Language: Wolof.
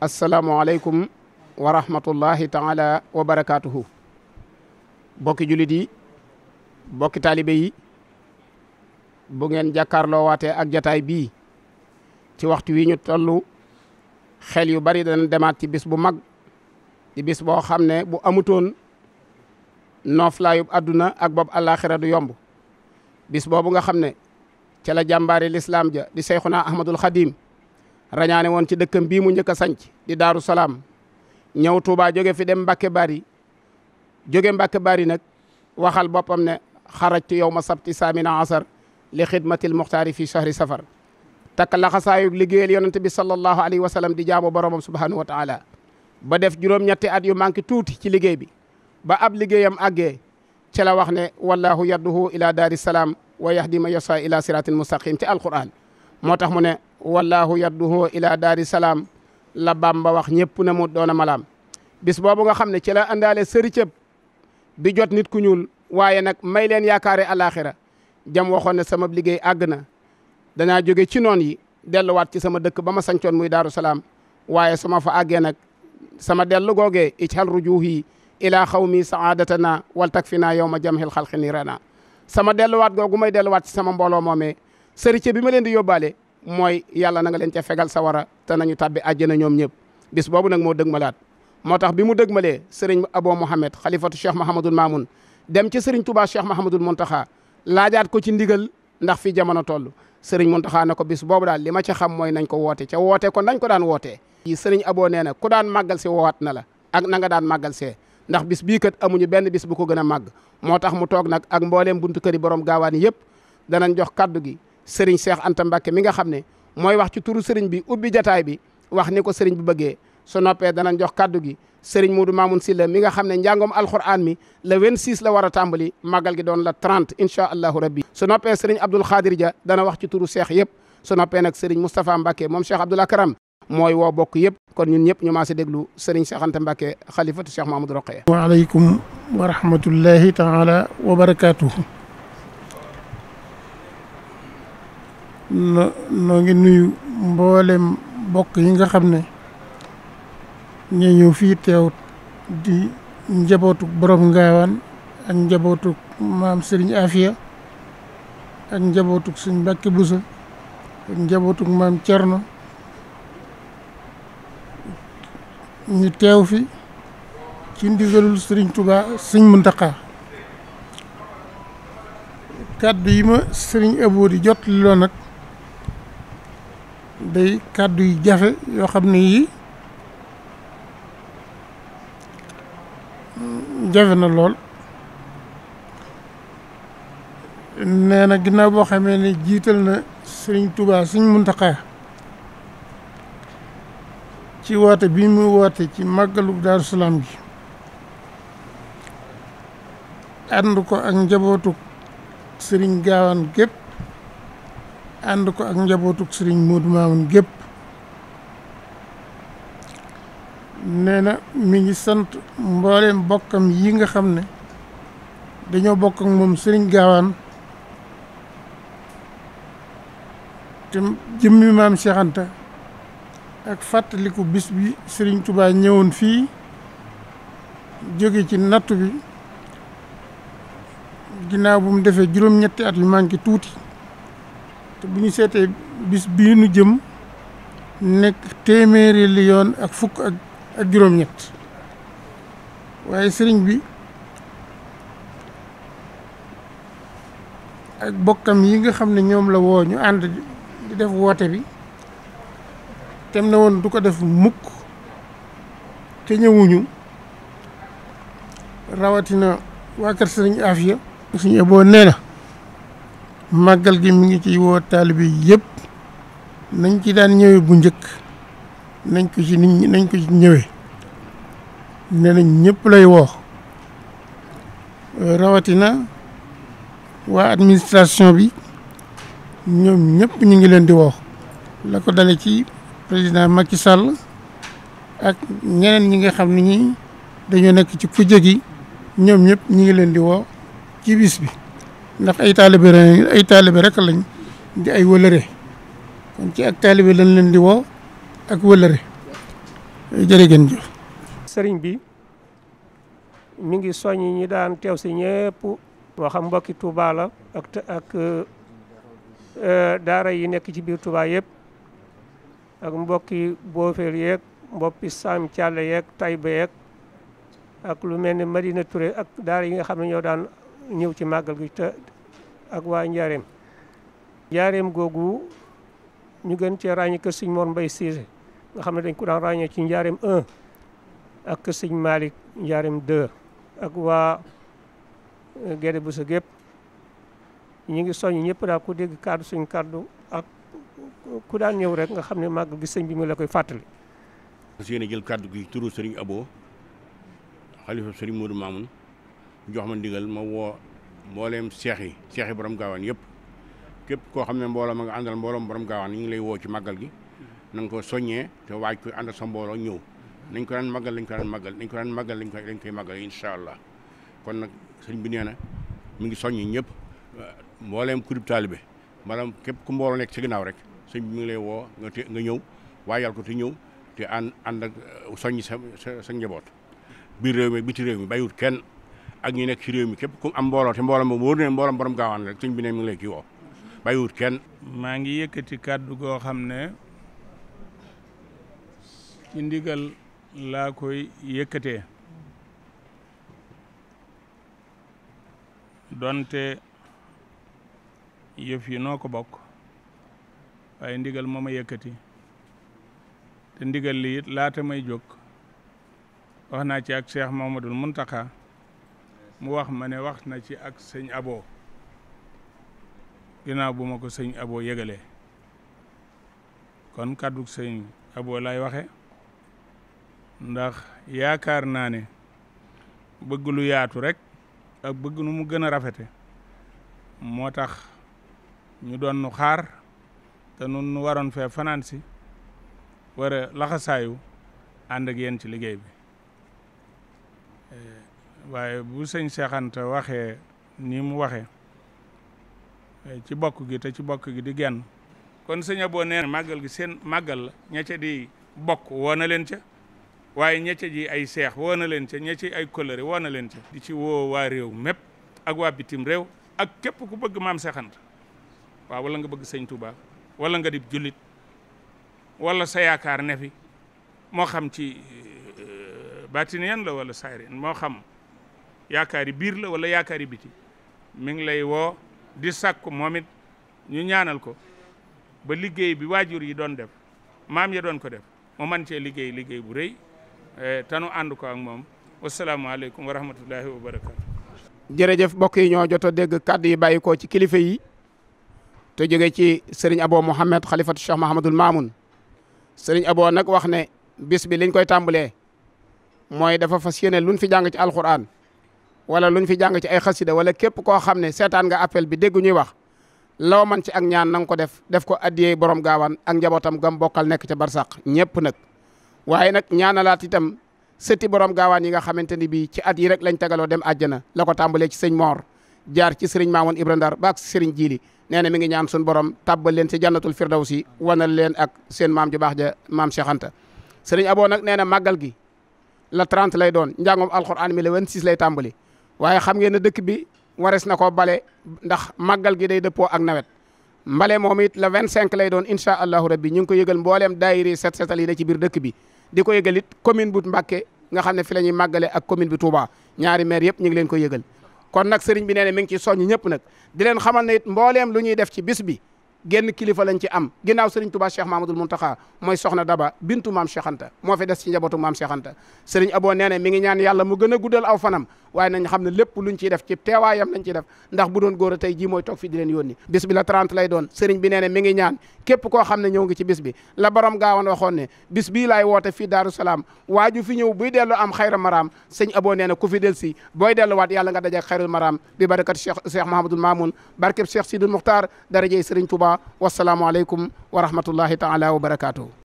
asalaamualeykum wa rahmatullahi taala wa barakaatuhu bokki jullit yi bokki taalibe yi bu ngeen jàkkaarloo waatee ak jataay bii ci waxtu wi ñu toll xel yu bari dana demaat ci bis bu mag di bis boo xam ne bu amutoon nooflaayub àdduna ak bopp àllaaxira du yomb bis boobu nga xam ne ca la lislaam ja di seyxuna ahmadul xadim rañaane woon ci dëkkam bii mu njëkk a sanc di daaru salaam ñëw Touba jóge fi dem Mbacke Bari jóge Mbacke Bari nag waxal boppam ne xarajtu yow ma sabti saamina asar li xidmatil muxtaari fi shahri safar takk laxasaayu liggéeyal yonente bi sallallahu alayhi wa sallam di jaamu boromam subhanahu wa taala ba def juróom-ñetti at yu manqué tuuti ci liggéey bi ba ab liggéeyam àggee ci la wax ne wallahu yadduhu ila daari salaam wa yahdi ma yasa ila siratin mustaqim ci alquran moo tax mu ne wallaahu yadduhu ila daari salaam la baam Bamba wax ñëpp na mu doon a malaam bis boobu nga xam ne ci la andaale sëri cëb bi jot nit ku ñuul waaye nag may leen yaakaare alaxira jam waxoon ne sama liggéey àgg na danaa jóge ci noon yi delluwaat ci sama dëkk ba ma sancoon muy daaru salaam waaye su ma fa àggee nag sama dellu googee ijhal rujuhi ila xawmi saadatana wal takfina yawma jamhil xalqi nirana sama delluwaat googu may delluwaat ci sama mbooloo moomee sëri bi ma leen di yóbbaale mooy yàlla nanga nga leen ca fegal sawara te nañu tàbbi àjjana ñoom ñëpp bis boobu nag moo dëgmalaat moo tax bi mu dëgmalee sëriñ Abo Mohamed xalifatu cheikh Mahamadul Mamoun dem ci sëriñ Touba cheikh Mahamadul Montaxa laajaat ko ci ndigal ndax fi jamono toll sëriñ Montaxa ne ko bis boobu daal li ma ca xam mooy nañ ko woote ca woote ko nañ ko daan wootee yi sëriñ Abo nee na ku daan màggal si woowaat na la ak na nga daan màggal see ndax bis bii amuñu benn bis bu ko gën a màgg moo tax mu toog nag ak mbooleem buntu këri borom gaawaan yëpp danañ jox kaddu gi sëriñ Cheikh Anta Mbacke mi nga xam ne mooy wax ci turu sëriñ bi ubbi jataay bi wax ni ko sëriñ bi bëggee su noppee danañ jox kaddu gi sëriñ Modou Mamoun Sylla mi nga xam ne njàngoom alxuraan mi le 26 la war a tàmbali màggal gi doon la trent incha allahu rabbi su noppee sëriñ Abdoul Khadir ja dana wax ci turu Cheikh yëpp su noppee nag sëriñ Moustapha Mbacke moom Cheikh Abdoul Akram mooy woo bokk yëpp kon ñun ñëpp ñu maa si déglu sëriñ Cheikh Anta Mbacke xalifatu Cheikh Mamadou Roqaya. waaleykum wa rahmatullahi taala wa barakaatuhu. no noo ngi nuyu mboolem mbokk yi nga xam ne ñoo ñëw fii teewut di njabootu borom ngaawaan ak njabootu maam Serigne Afia ak njabootu suñ Mbàkke Busa ak njabootu maam Cerno ñu teew fi ci ndigalul Serigne Touba Sëñ Muntaxa kàddu yi ma Serigne Abo di jot loo nag day kàddu yu jafe yoo xam ne yii jafe na lool nee na ginnaaw boo xamee ne jiital na sëriñ Tuubaa sëriñ Muntaxaa ci woote bi mu woote ci màggalu Daaru Salaam gi ànd ko ak njabootu sëriñ gaawaan képp ànd ko ak njabootuk sëriñ Modou Mamoun gépp nee na mi ngi sant mbooleem bokkam yi nga xam ne dañoo bokk moom sëriñ gaawaan te jëmmi maam Cheikh ak fàttaliku bis bi sëriñ Touba ñëwoon fii jóge ci nattu bi ginnaaw bu mu defee juróom-ñetti at yu manqué tuuti te bu ñu seetee bis bii nu jëm nekk téeméeri yoon ak fukk ak juróom-ñett waaye sëriñ bi ak bokkam yi nga xam ne ñoom la woo ñu ànd di def woote bi tem na woon du ko def mukk te ñëwuñu rawatina waa kër sëriñ Afia suñu eboo nee na màggal gi mi ngi ci woo taalibe yëpp nañ ci daan ñëwee bu njëkk nañ ko ci nit ñi nañ ko ci ñëwee nee nañ ñëpp lay woo rawatina waa administration bi ñoom ñëpp ñu ngi leen di woo la ko dale ci président Macky Sall ak ñeneen ñi nga xam ne ñi dañoo nekk ci kujje gi ñoom ñëpp ñu ngi leen di woo ci bis bi ndax ay taalibe ay rek lañ di ay wëlëre kon ci ak taalibe lañ leen di woo ak wëlëre jërë ngeen jëf sëriñ bi mi ngi soññi ñi daan teew si ñëpp moo mbokki Touba la ak e, daara yi nekk ci biir Touba yëpp ak mbokki boofeel yeeg mboppi Sam Thialé yeeg Taïba yeeg ak lu mel ne Madina Touré ak daara yi nga xam ne ñoo daan ñëw ci màggal gi te ak waa njaareem njaareem googu ñu gën cee ràññee kër sëñ Mor mbay Cissé nga xam ne dañ ko daan ràññee ci njaareem 1 ak kër sëñ Malick njaareem 2 ak waa Gédé bu sa gépp ñu ngi soñ ñëpp daal ku dégg kàddu suñ kàddu ak ku daan ñëw rek nga xam ne màggal gi sëñ bi mu la koy fàttali. yéen a jël kàddu gi turu Serigne Abo xalifa Serigne Modou Mamoun. jox ma ndigal ma woo mbooleem seex yi seex borom gaawaan yëpp képp koo xam ne mbooloo ma nga àndal mbooloom borom gaawaan ñu ngi lay woo ci màggal gi na nga ko soññee te waaj ko àndal sa mbooloo ñëw nañ ko daan màggal lañ ko daan màggal nañ ko daan màggal lañ ko lañ koy màggal incha allah kon nag sëñ bi nee na mi ngi soññi ñëpp mbooleem kurib taalibe maanaam képp ku mbooloo nekk ci ginnaaw rek sëñ bi mi ngi lay woo nga te nga ñëw waajal ko te ñëw te ànd ànd ak soññi sa sa sa njaboot biir réew mi biti réew mi bàyyiwut kenn ak ñu nekk ci réew mi képp ku am mbooloo te mbooloo moom wóor ne mbooloom borom gaawaan rek sëñ bi ne mi ngi lay kii woo bàyyiwut kenn. maa ngi yëkkati kàddu goo xam ne ci ndigal laa koy yëkkatee donte yëf yi noo ko bokk waaye ndigal moo ma yëkkati te ndigal li it laata may jóg wax naa ci ak Cheikh Mamadou Mountakha. mu wax ma ne wax na ci ak sëñ Abo ginaaw bu ma ko sëñ Abo yëgalee kon kàddu sëñ Abo lay waxe ndax yaakaar naa ne bëgg lu yaatu rek ak bëgg nu mu gën a rafete moo tax ñu doon nu xaar te nun nu waroon fee fanaan si war a laxasaayu ak yéen ci liggéey bi waaye bu sëñ Cheikh waxe waxee ni mu waxe eh, ci bokk gi te ci bokk gi di gen kon sëñ Abo nee màggal gi seen màggal la ña di bokk woo na leen ca waaye ña ji ay seex woo na leen ca ña ci ay kolëre woo na leen ca di ci woo waa réew mépp ak waa bitim réew ak képp ku bëgg maam Cheikh Anta waaw wala nga bëgg sëñ Touba wala nga di jullit wala sa yaakaar ne fi moo xam ci eh, eh, batiniyan la wala sayrin moo xam yaakaari biir la wala yaakaari biti mi ngi lay woo di sàkku moom it ñu ñaanal ko ba liggéey bi waajur yi doon def maam ya doon ko def mu man ce liggéey liggéey bu rëy eh, tanu ànd ko ak moom wasalaamaaleykum wa rahmatullahi wa barakaatu. jërëjëf mbokk yi ñoo jot dégg kàddu yi bàyyi ko ci kilifa yi te jóge ci sëriñ Abo Mouhamed xalifatu Cheikh Mahamadul Mamoun sëriñ Abo nag wax ne bis bi liñ koy tàmbalee mooy dafa fas yéene luñ fi jàng ci alquran. wala luñ fi jàng ci ay xasida wala képp koo xam ne seetaan nga appel bi dégg ñuy wax loo man ci ak ñaan na nga ko def def ko addiyee borom gaawaan ak njabootam gam bokkal nekk ca barsàq ñëpp nag waaye nag ñaanalaat itam sëti borom gaawaan yi nga xamante ni bii ci at yi rek lañ tegaloo dem àjjana la ko tàmbalee ci sëñ Moor jaar ci sëriñ Maamoon Ibra Ndar ba ak sëriñ Jiili nee na mi ngi ñaan sun borom tàbbal leen ci jannatul firdawsi wanal leen ak seen maam ju baax ja maam Cheikh Anta sëriñ Aboo nee na màggal gi la 30 lay doon njàngoom alxuraan mi la 26 lay tàmbali waaye xam ngeen ne dëkk bi wares na koo bale ndax maggal gi day dëppoo ak nawet mbale moom it le 25 lay doon incha allahu rabbi ñu ngi ko yëgal mbooleem daayiri set setal yi ne ci biir dëkk bi di ko yëgal it commune bu Mbàkke nga xam ne fi la ñuy màggale ak commune bi Touba ñaari maire yëpp ñu ngi leen ko yëgal kon nag sëriñ bi nee ne ngi ci soññ ñëpp nag di leen xamal ne it mbooleem lu ñuy def ci bis bi genn kilifa lañ ci am ginnaaw sëriñ Touba Cheikh Mamadul Muntaxa mooy soxna Daba bintu maam Cheikh Anta moo fi des ci njabootu maam Cheikh Anta sëriñ Abo nee ne mi ngi mu gën a aw fanam waaye nañ xam ne lépp luñ ciy def ci teewaayam lañ ciy def ndax bu doon góor a mooy toog fi di leen yónni bis bi la bi nee ne mi ngi ñaan képp koo xam ne ñëw la borom gaawan waxoon ne bis bii laay woote waaju taqwa wasalaamualeykum wa rahmatullahi taala wa barakaatuhu